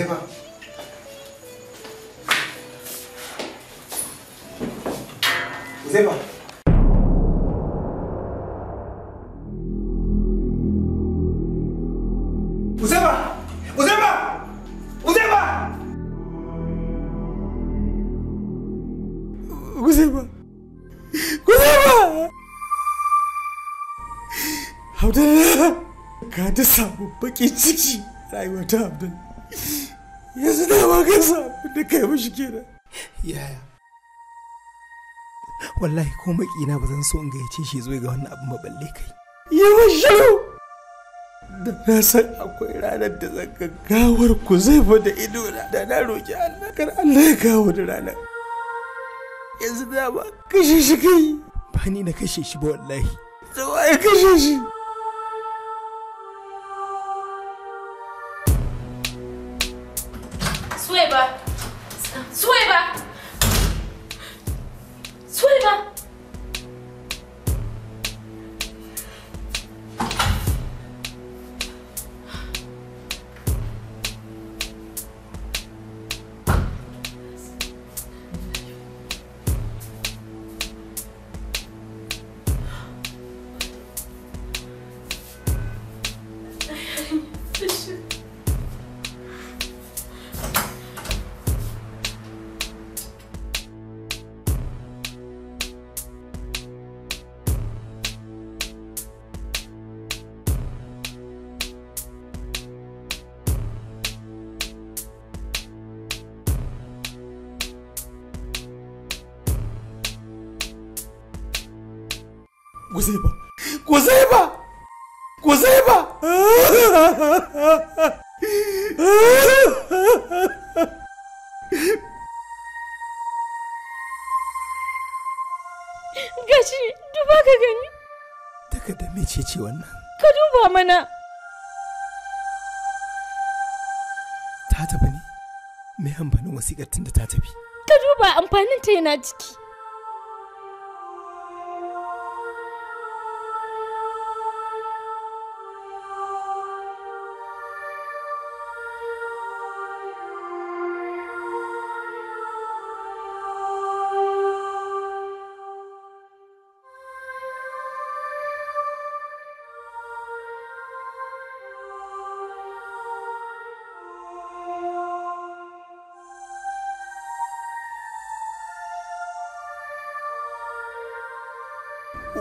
Zdaj pa. Zdaj pa. kau dah sabu pergi cuci. Saya mahu tahu yasa da kai mashi kenan yaya wallahi ko makina ba zan so in gayyace shi zo ga wannan abin maballe kai yi shiru da na san akwai ranar da zan gaggawar ku zai da ido na da na roki Allah kar Allah ya kawo da ranar yanzu da ba kashe shi kai ba ni na kashe shi ba wallahi da ya kashe shi Guzaiba! Guzaiba! Guzaiba! Gashi, duba ka gani. Daga da mece ce wannan? Ka duba mana. Ta tafi ne? Me amfanin wasiƙar tun da ta tafi? Ka duba amfanin ta yana ciki.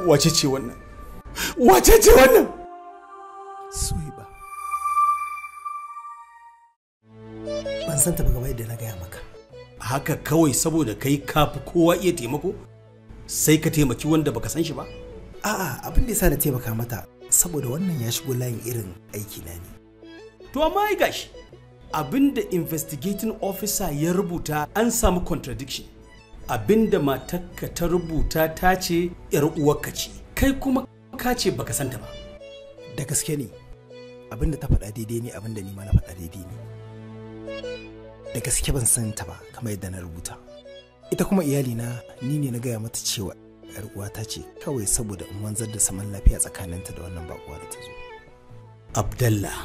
wace ce wannan wace ce wannan suiba ban san ta ba kamar yadda na gaya maka haka kawai saboda kai kafi kowa iya taimako sai ka taimaki wanda baka san shi ba a'a abin da yasa na taimaka mata saboda wannan ya shigo layin irin aiki na ne to amma ai gashi abin da investigating officer ya rubuta an samu contradiction abin da matakka ta rubuta ta ce yar uwarka ce kai kuma ka ce baka santa ba da gaske ne abinda ta faɗa daidai ne abinda ni ma na faɗa daidai ne da gaske ban santa ba kamar yadda na rubuta ita kuma iyalina ni ne na gaya mata cewa yar uwata ce kawai saboda in wanzar da saman lafiya tsakaninta da wannan bakuwa da ta zo abdallah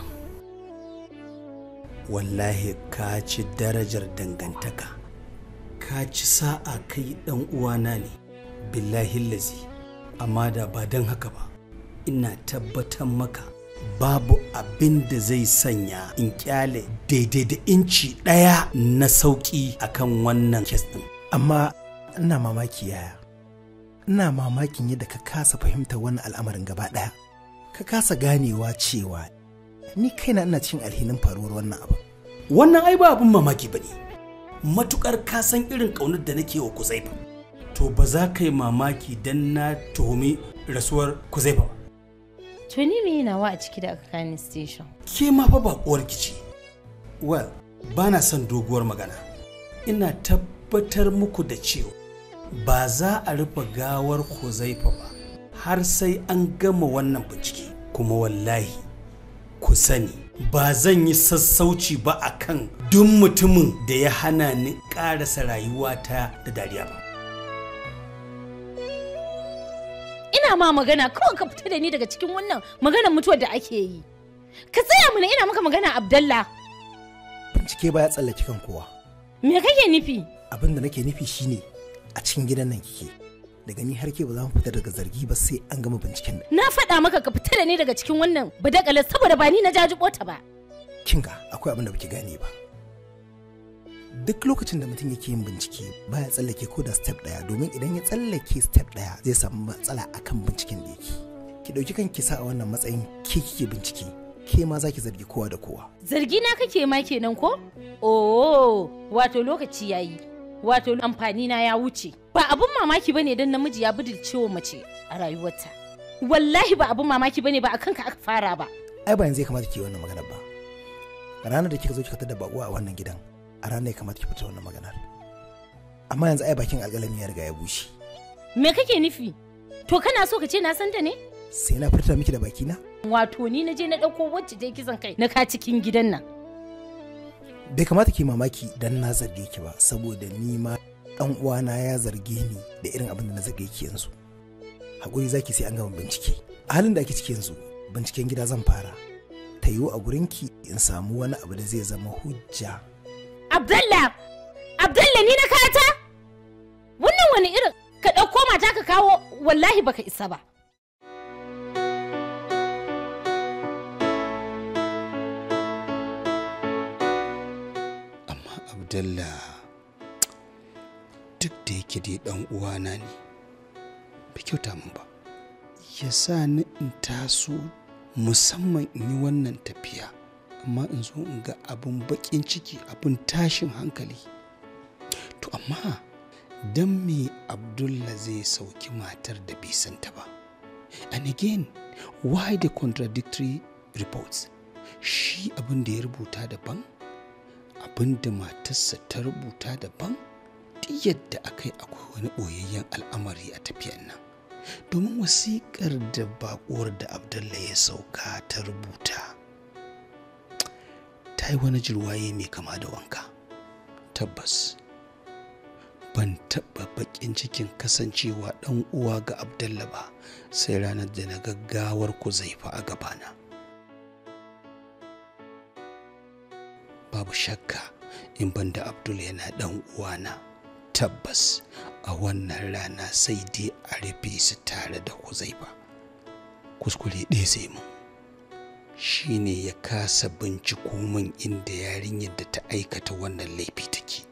wallahi ka ci darajar dangantaka ka ci sa'a kai dan uwana ne billahi lazi amma da ba don haka ba ina tabbatar maka babu abin da zai sanya in kyale daidai da inci ɗaya na sauƙi akan wannan kes ɗin amma ina mamaki yaya ina mamakin yadda ka kasa fahimtar wannan al'amarin gaba ɗaya ka kasa ganewa cewa ni kaina ina cin alhinin faruwar wannan abu wannan ai ba abin mamaki bane matukar ka san irin ƙaunar da nake wa ba to ba za ka yi mamaki don na tuhumi rasuwar kuzaifa ba tuni me nawa a ciki da aka kani station ke ma fa bakuwar kici well ba na son doguwar magana ina tabbatar muku da cewa ba za a rufe gawar kuzaifa ba har sai an gama wannan bincike kuma wallahi ku sani ba zan yi sassauci ba akan duk mutumin da ya hana ni ƙarasa rayuwata da dariya ba ina ma magana kawai ka fita da ni daga cikin wannan maganar mutuwar da ake yi ka tsaya mana ina maka magana abdallah bincike baya tsallaki kan kowa me kake nufi abin da nake nufi shine a cikin gidan nan kike daga ni har ke ba za mu fita daga zargi ba sai an gama binciken nan na faɗa maka ka fita da ni daga cikin wannan badakalar saboda ba ni na jajibo ta ba kinga akwai abin da baki gane ba duk lokacin da mutum yake yin bincike baya tsallake ko da step daya domin idan ya tsallake step daya zai samu matsala akan binciken da yake ki dauki kanki sa a wannan matsayin ke kike bincike ke ma zaki zargi kowa da kowa zargi na kake ma kenan ko oh wato lokaci yayi wato amfani na ya wuce ba abun mamaki bane dan namiji ya wa mace a rayuwarta wallahi ba abun mamaki bane ba akan ka aka fara ba ai ba yanzu ya kamata ki yi wannan magana ba ranar da kika zo kika tada baƙo a wannan gidan a ranar ya kamata ki fita wannan maganar amma yanzu ai bakin alƙalami ya riga ya bushe me kake nufi to kana so ka ce na santa ne sai na furta miki da bakina wato ni na je na ɗauko wacce je kisan kai na ka cikin gidan nan bai kamata ki mamaki dan na zarge ki ba saboda ni ma dan uwana ya zarge ni da irin abin da na zarge ki yanzu hakuri zaki sai an gama bincike a halin da ake ciki yanzu binciken gida zan fara ta yiwu a ki in samu wani abu da zai zama hujja Abdalla! Abdalla ni na kata? Wannan wani irin ka ɗauko mata ka kawo wallahi baka isa ba. Amma Abdalla duk da yake dai ɗan uwana ne, bai kyauta min ba. Ya sa ni in taso musamman in yi wannan tafiya. amma in zo in ga abin bakin ciki abin tashin hankali to amma don me abdullah zai sauki matar da bai santa ba and again why the contradictory reports shi abin da ya rubuta daban abin da matarsa ta rubuta daban duk yadda aka yi akwai wani ɓoyayyen al'amari a tafiyan nan domin wasiƙar da baƙuwar da abdullah ya sauka ta rubuta ta yi wani jirwaye mai kama da wanka tabbas ban taɓa baƙin cikin kasancewa ɗan uwa ga abdalla ba sai ranar da na gaggawar ku zaifa a gabana babu shakka in ban da abdul yana ɗan uwana tabbas a wannan rana sai dai a rufe su tare da ku zaifa kuskure ɗaya sai mu shine ya kasa binciko min inda yarinyar da ta aikata wannan laifi take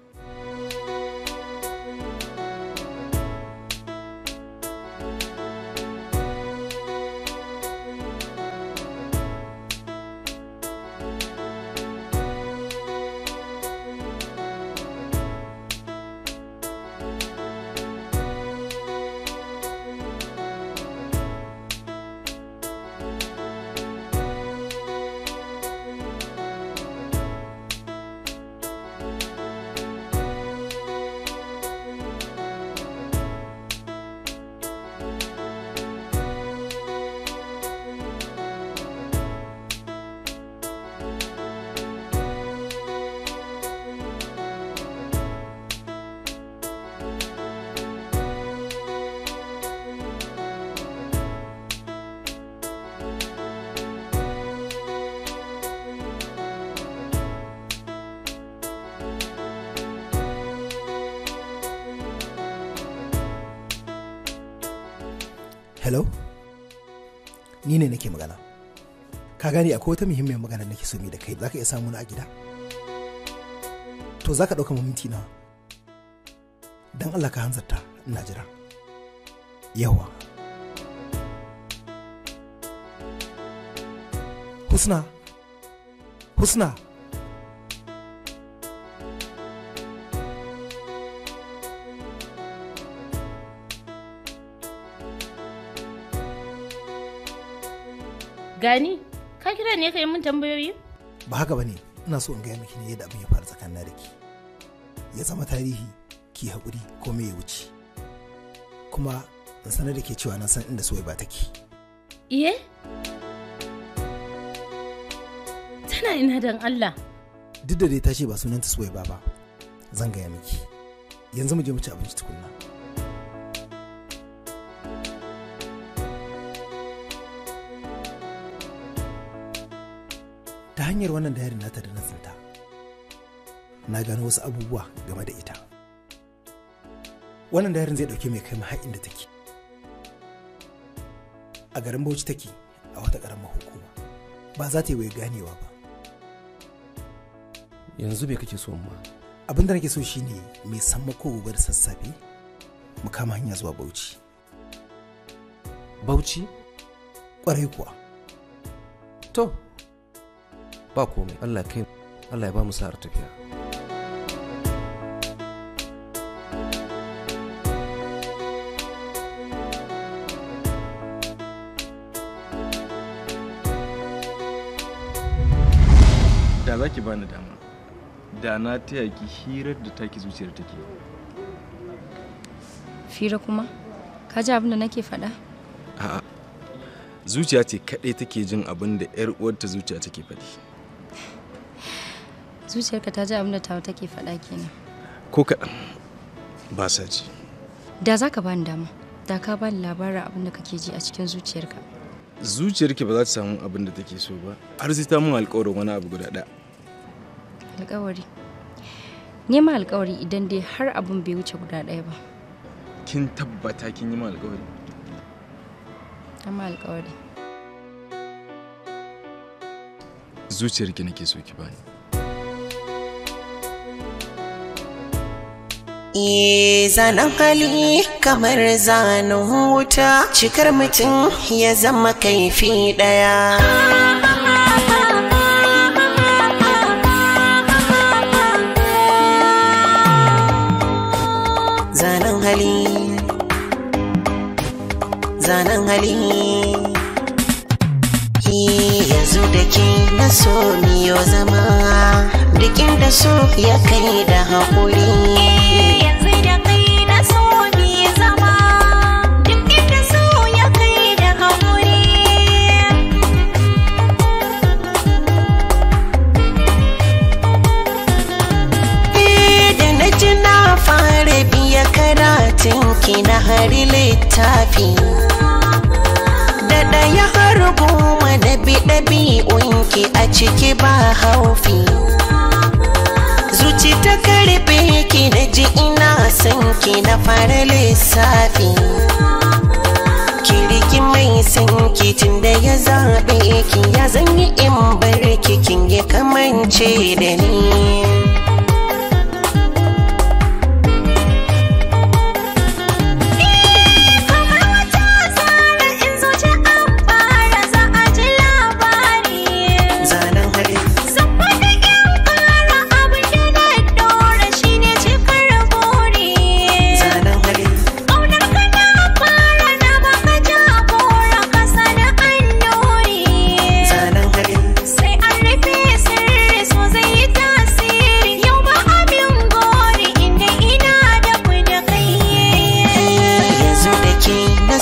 hello ni ne nake magana ka gane akwai wata muhimmiyar magana nake so mai da kai zaka iya samu na a gida to zaka ɗauka minti na don Allah ka hanzarta ina jira yawa husna husna Gani, ka kira ne ka yi mun tambayoyi? Ba haka ba ne, ina so in gaya miki ne yadda abin ya fara tsakanin da ki. Ya zama tarihi, ki hakuri ko me ya wuce. Kuma in sanar da ke cewa na san inda soyayya ba take. Iye? Tana ina dan Allah. Duk da dai ta ce ba sunanta soyayya ba ba, zan gaya miki. Yanzu mu je mu ci abinci tukunna. hanyar wannan dayarin nata da na tsinta na gano wasu abubuwa game da ita wannan dayarin zai dauke mai kai maha'in da take a garin bauchi take a wata karamar hukuma ba za ta yi wai ganewa ba yanzu bai kake so ma abin da nake so shi ne mai sammako gobe da sassafe mu kama hanya zuwa bauchi bauchi kwarai kuwa to ba komai allah kai allah ya ba mu sa'ar tafiya da za ki bani dama da na taya ki hirar da taki zuciyar take fira kuma ka ji abin da nake faɗa a'a zuciya ce kaɗai take jin abin da 'yar uwarta zuciya take faɗi zuciyarka ta ji abin da tawa take faɗa kenan ko ka ba sa ji da za ka ba ni dama da ka ba ni labarin abin da kake ji a cikin zuciyarka zuciyarki ba za ta samu abin da take so ba har sai ta mun alƙawarin wani abu guda ɗaya alƙawari ma alƙawari idan dai har abin bai wuce guda ɗaya ba kin tabbata kin yi ma alƙawari amma alƙawari ki nake so ki bani E, zanen hali kamar zanen wuta cikar mutum ya zama kaifi ɗaya zanen hali zanen hali yanzu da ke na so miyo zama dikin da so ya kai da haƙuri bari littafi da ɗaya har goma na unki a ciki ba haufi zuci ta karbe ki na ji ina san ki na fara lissafi kiriki mai son ki da ya zaɓe ki ya zanyi in bar kikin ya kamance da ni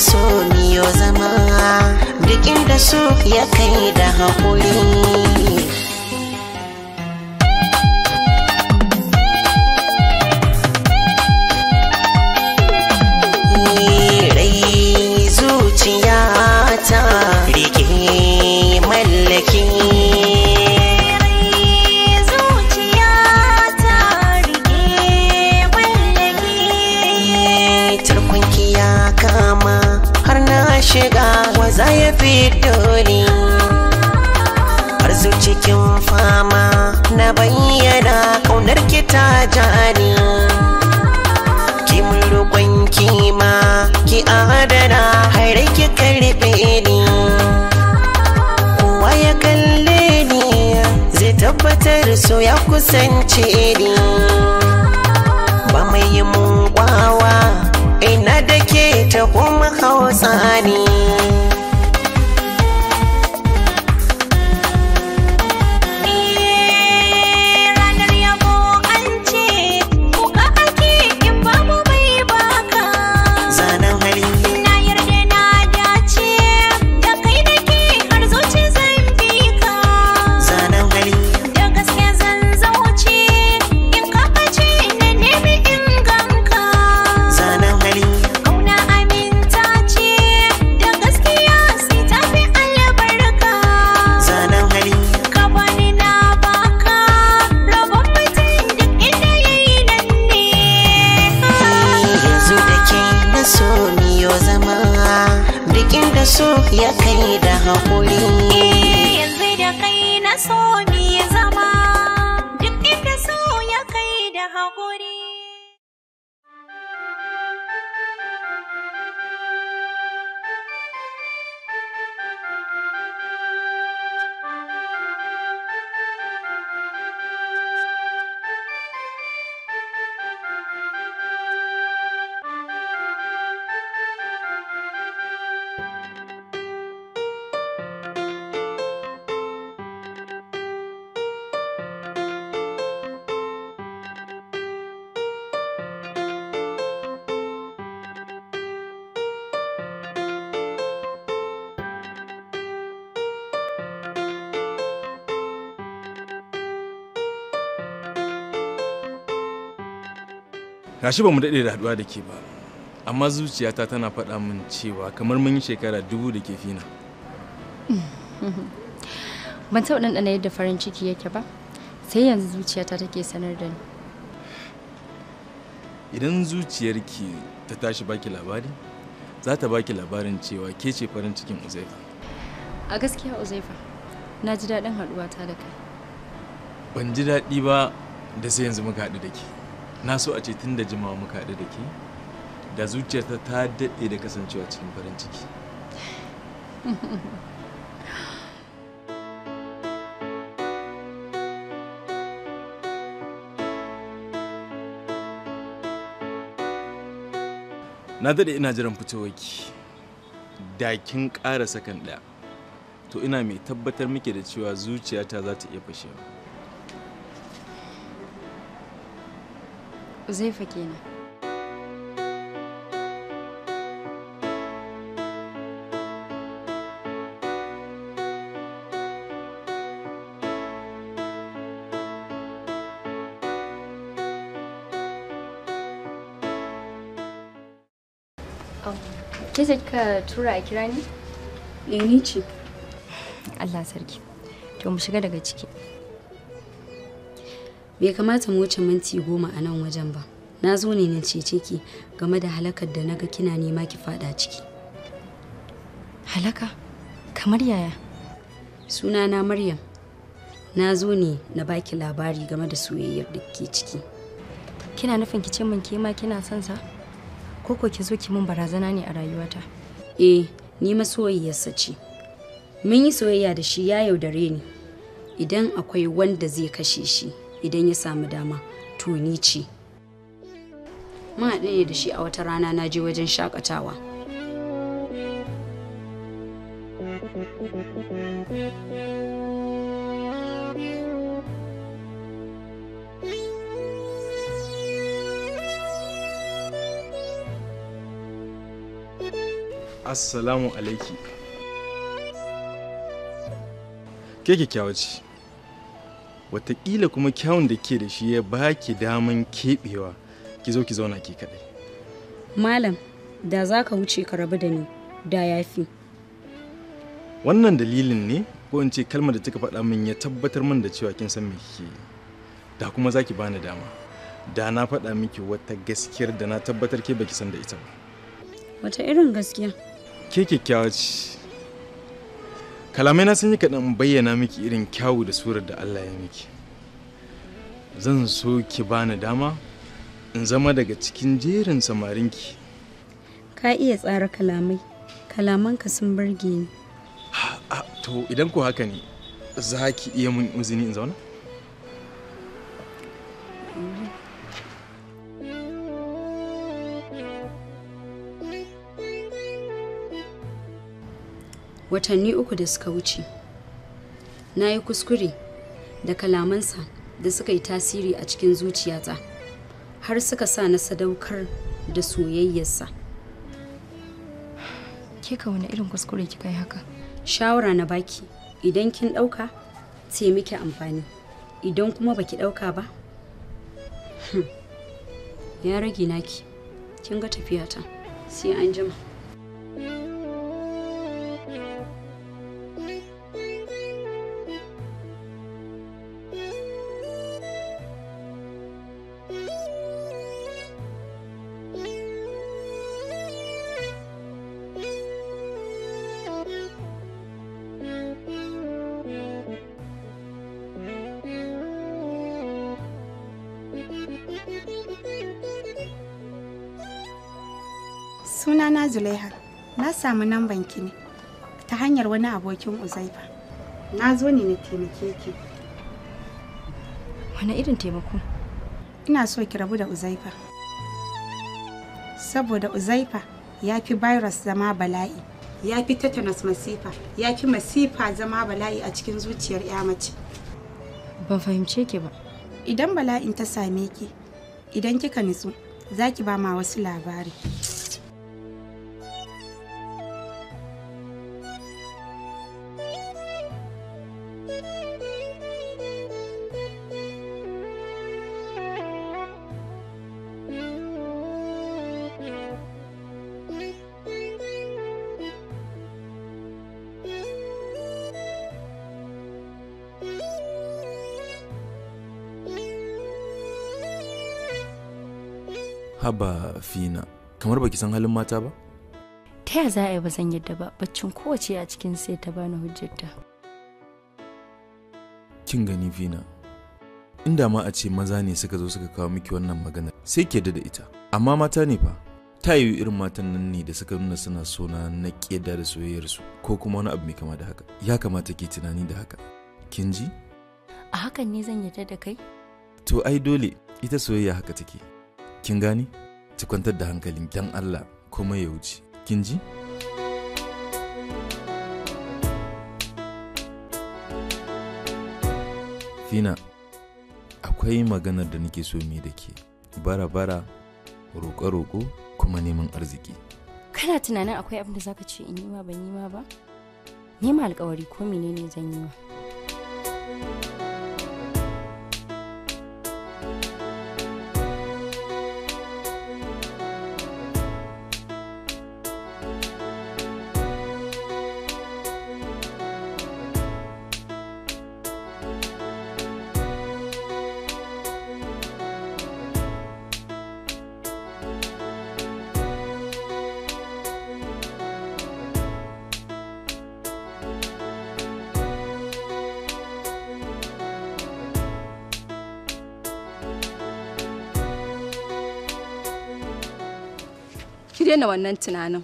so miyo zama bikin da so ya kai da haƙuri ya fito ni har su cikin fama na bayyana ƙaunar ki ta jani ki mun roƙon kima ki adana har ki karɓe ni kowa ya kalle ni zai tabbatar so ya kusance ni ba mai yi mun kwa guri. gashi ba mu daɗe da haɗuwa da ke ba amma zuciyata tana faɗa min cewa kamar mun yi shekara dubu da ke fina ban taɓa ɗanɗana yadda farin ciki yake ba sai yanzu zuciyata take sanar da ni idan zuciyarki ta tashi baki labari za ta baki labarin cewa ke ce farin cikin uzaifa a gaskiya uzaifa na ji daɗin haɗuwa ta da kai ban ji daɗi ba da sai yanzu muka haɗu da ke na so a ce tun da jimawa muka haɗu da ke da zuciyarta ta daɗe da kasancewa cikin farin ciki na daɗe ina jiran fitowaki da kin ƙara sakan ɗaya to ina mai tabbatar muke da cewa zuciyata za ta iya fashewa Uzaifa kenan. Ke ce kika tura a kira eh, ni? ce. Allah sarki. To mu shiga daga ciki. bai kamata mu wuce minti goma a nan wajen ba na zo ne na cece ki game da halakar da naga kina nema ki fada ciki halaka kamar yaya suna na maryam na zo ne na baki labari game da soyayyar da ke ciki kina nufin ki ce min ke ma kina son sa ko ko ki zo ki min barazana ne a rayuwata eh ni masoyiyarsa ce mun yi soyayya da shi ya yaudare ni idan akwai wanda zai kashe shi idan ya samu dama to ni ce mun haɗu ne da shi a wata rana na je wajen shakatawa Assalamu alaiki. Ke kyakkyawa ce. watakila kuma kyawun da ke da shi ya baki daman keɓewa ki zo ki zauna ki kaɗai malam da za ka wuce ka rabu da ni da ya fi wannan dalilin ne ko in ce kalmar da kika faɗa min ya tabbatar min da cewa kin san me kike da kuma za ki bani dama da na faɗa miki wata gaskiyar da na tabbatar ke baki san da ita ba wata irin gaskiya ke kyakkyawa ce kalamai na sun yi kaɗan bayyana miki irin kyawu da surar da Allah ya miki zan so ki bani dama in zama daga cikin jerin samarinki ka iya tsara kalamai kalamanka sun burge ni to idan ko haka ne za ki iya mun izini in zauna watanni uku da suka wuce nayi kuskure da kalamansa da suka yi tasiri a cikin zuciyata har suka sa na sadaukar da soyayyarsa kika wani irin kuskure kika yi haka shawara na baki idan kin ɗauka ce miki amfani idan kuma baki ɗauka ba hmm, ya rage naki kin ga tafiyata sai an jima suna na zulaiha na samu nan ki ne ta hanyar wani abokin uzaifa na zo ne na taimake ki wani irin taimako ina so ki rabu da uzaifa saboda uzaifa ya fi virus zama bala'i ya fi tetanus masifa ya fi masifa zama bala'i a cikin zuciyar ya mace ban fahimce ki ba idan bala'in ta same ki idan kika nutsu za ki ba ma wasu labari haba fina kamar baki san halin mata ba ta ya za a yi ba zan yadda ba baccin kowace a cikin sai ta bani hujjarta kin gani fina inda ma a ce maza ne suka zo suka kawo miki wannan magana sai ke da ita amma mata ne fa ta yi irin matan nan ne da suka nuna suna sona na ƙeda da soyayyarsu ko kuma wani abu mai kama da haka ya kamata ke tunani da haka kin ji a hakan ne zan yarda da kai to ai dole ita soyayya haka take kin gani ki kwantar da hankalin dan Allah kuma ya wuce kin ji Fina akwai maganar da nake so mai da ke bara-bara roƙo-roƙo kuma neman arziki kana tunanin akwai abin da zaka ce in yi ma ban yi ma ba nema alkawari ko menene zan yi ma daina wannan tunanin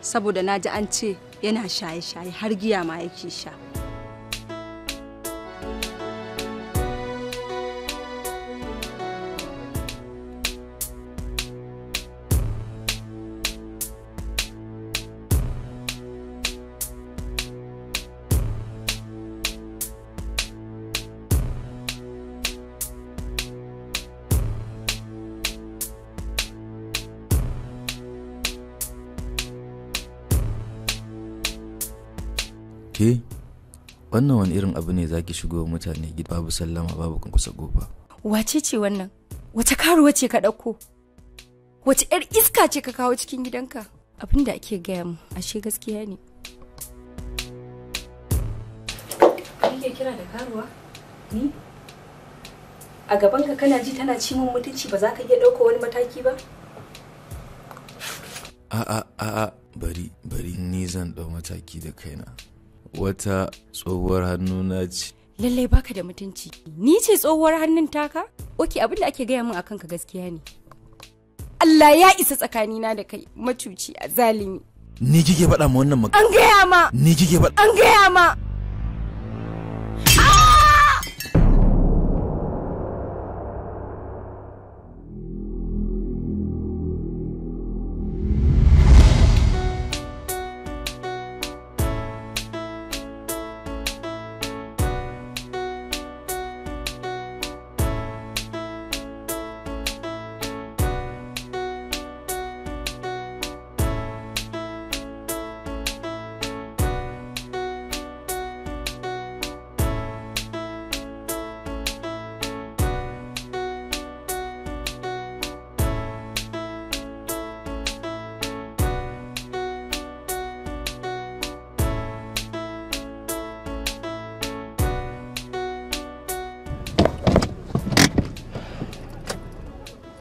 saboda na ji an ce yana shaye-shaye har giya ma yake sha. wannan wani irin abu ne zaki shigo mutane gida babu sallama babu kusa gofa wace ce wannan wace karuwa ce ka ɗauko wace 'yar iska ce ka kawo cikin gidanka abin da ake gaya mu ashe gaskiya ne kike kira da karuwa ni a gabanka kana ji tana ci mun mutunci ba za ka iya dauko wani mataki ba a'a a'a bari bari ni zan ɗau mataki da kaina wata tsohuwar hannu na ci. lallai baka da mutunci ni ce tsohuwar hannun taka oke abin da ake gaya min akan ka gaskiya ne Allah ya isa tsakanina da kai macuci a zalimi ni kike faɗa ma wannan magana an gaya ma ni kike faɗa an gaya ma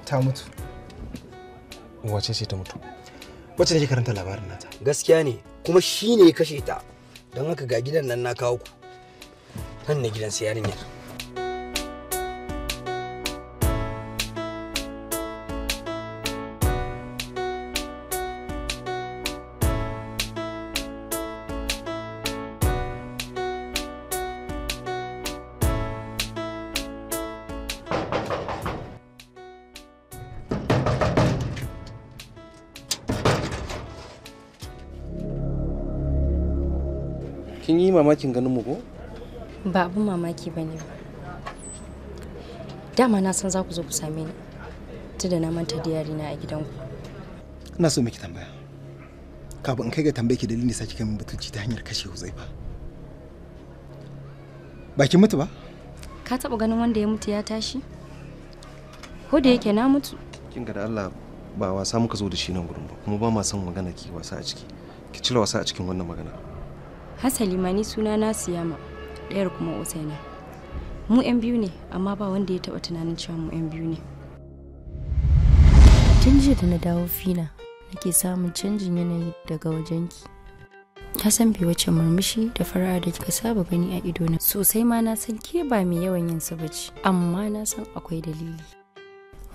ta mutu wace ce ta mutu karanta labarin nata gaskiya ne kuma shine ya kashe ta don haka ga gidan nan na kawo ku nan ne gidan su yarinyar mamakin ganin mu ko? Ba abin mamaki ba ne ba. Dama na san za ku zo ku same ni. Tunda na manta diyari na a gidanku. Ina so miki tambaya. Kafin in kai ga tambaye ki dalilin sa kika min butulci ta hanyar kashe Huzaifa. Ba ki mutu ba? Ka taba ganin wanda ya mutu ya tashi? Ko da yake na mutu. Kin ga da Allah ba wasa muka zo da shi nan gurin ba kuma ba ma son magana ki wasa a ciki. Ki cire wasa a cikin wannan magana. hasali ma ni suna na siyama ɗayar kuma usaina mu 'yan biyu ne amma ba wanda ya taɓa tunanin cewa mu 'yan biyu ne tun jiya da na dawo fina nake samun canjin yanayi daga wajenki ta san bai wace murmushi da fara'a da kika saba gani a ido na sosai ma na san ke ba mai yawan yin sa bace amma na san akwai dalili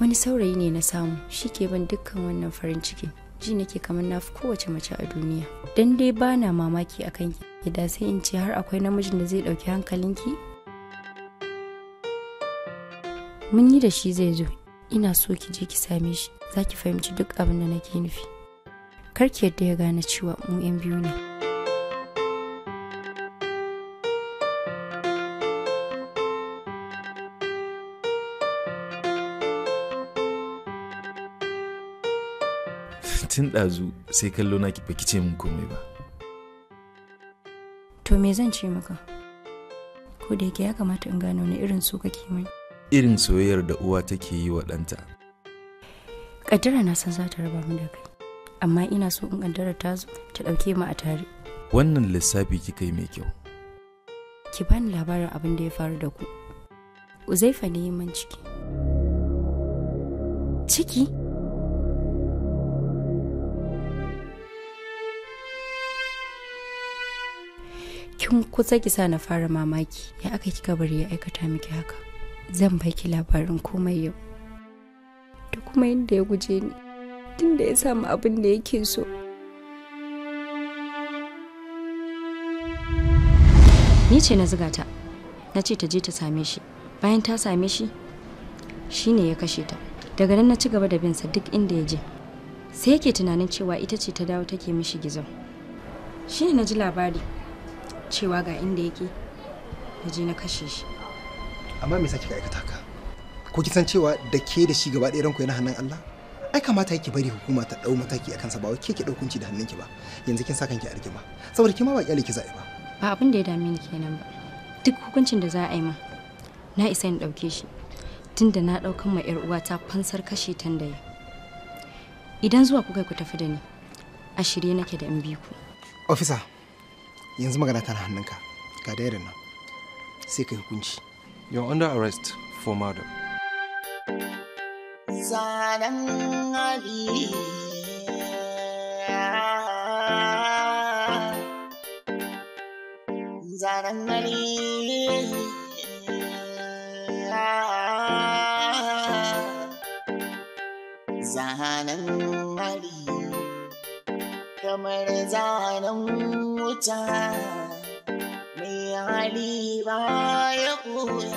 wani saurayi ne na samu shi ke ban dukkan wannan farin ciki ji nake kamar na fi kowace mace a duniya dan dai ba na mamaki a kanki gida sai in ce har akwai namijin da zai ɗauki hankalinki mun yi da shi zai zo ina so ki je ki same shi za ki fahimci duk abin da nake nufi kar ki yadda ya gane cewa mu 'yan biyu ne tun ɗazu sai kallo na baki ce min komai ba. To me zan ce maka? Ko da yake ya kamata in gano ne irin so kake mai. Irin soyayyar da uwa take yi wa ɗanta. Kaddara na san za ta raba mu da kai. Amma ina so in kaddara ta zo ta ɗauke mu a tare. Wannan lissafi kika yi mai kyau. Ki bani labarin abin da ya faru da ku. Uzaifa ne yi man ciki. Ciki? kin kusa kisa na fara mamaki ya aka kika bari ya aikata miki haka zan baki labarin komai yau da kuma yadda ya guje ni tun da ya samu abin da yake so ni ce na zuga ta na ce ta je ta same shi bayan ta same shi shine ya kashe ta daga nan na ci gaba da bin sa duk inda ya je sai yake tunanin cewa ita ce ta dawo take mishi shi shine na ji labari cewa ga inda yake na je na kashe shi amma me yasa kika aikata ka ko ki san cewa da ke da shi gaba ɗayan ranku yana hannun Allah ai kamata yake bari hukuma ta dau mataki akan sa ba wai ke ki kunci da hannun ki ba yanzu kin sa kanki a rigima saboda kima ba kyale ki za'i ba ba abin da ya dame ni kenan ba duk hukuncin da za a yi ma na isa in dauke shi tunda na daukan ma yar uwata fansar kashe da idan zuwa ku kai ku tafi da ni a shirye nake da in bi ku officer yanzu magana tana hannunka ga dairin nan sai ka hukunci you're under arrest for murder Zahanan ali kamar zanen wuta mai hali ba ya koya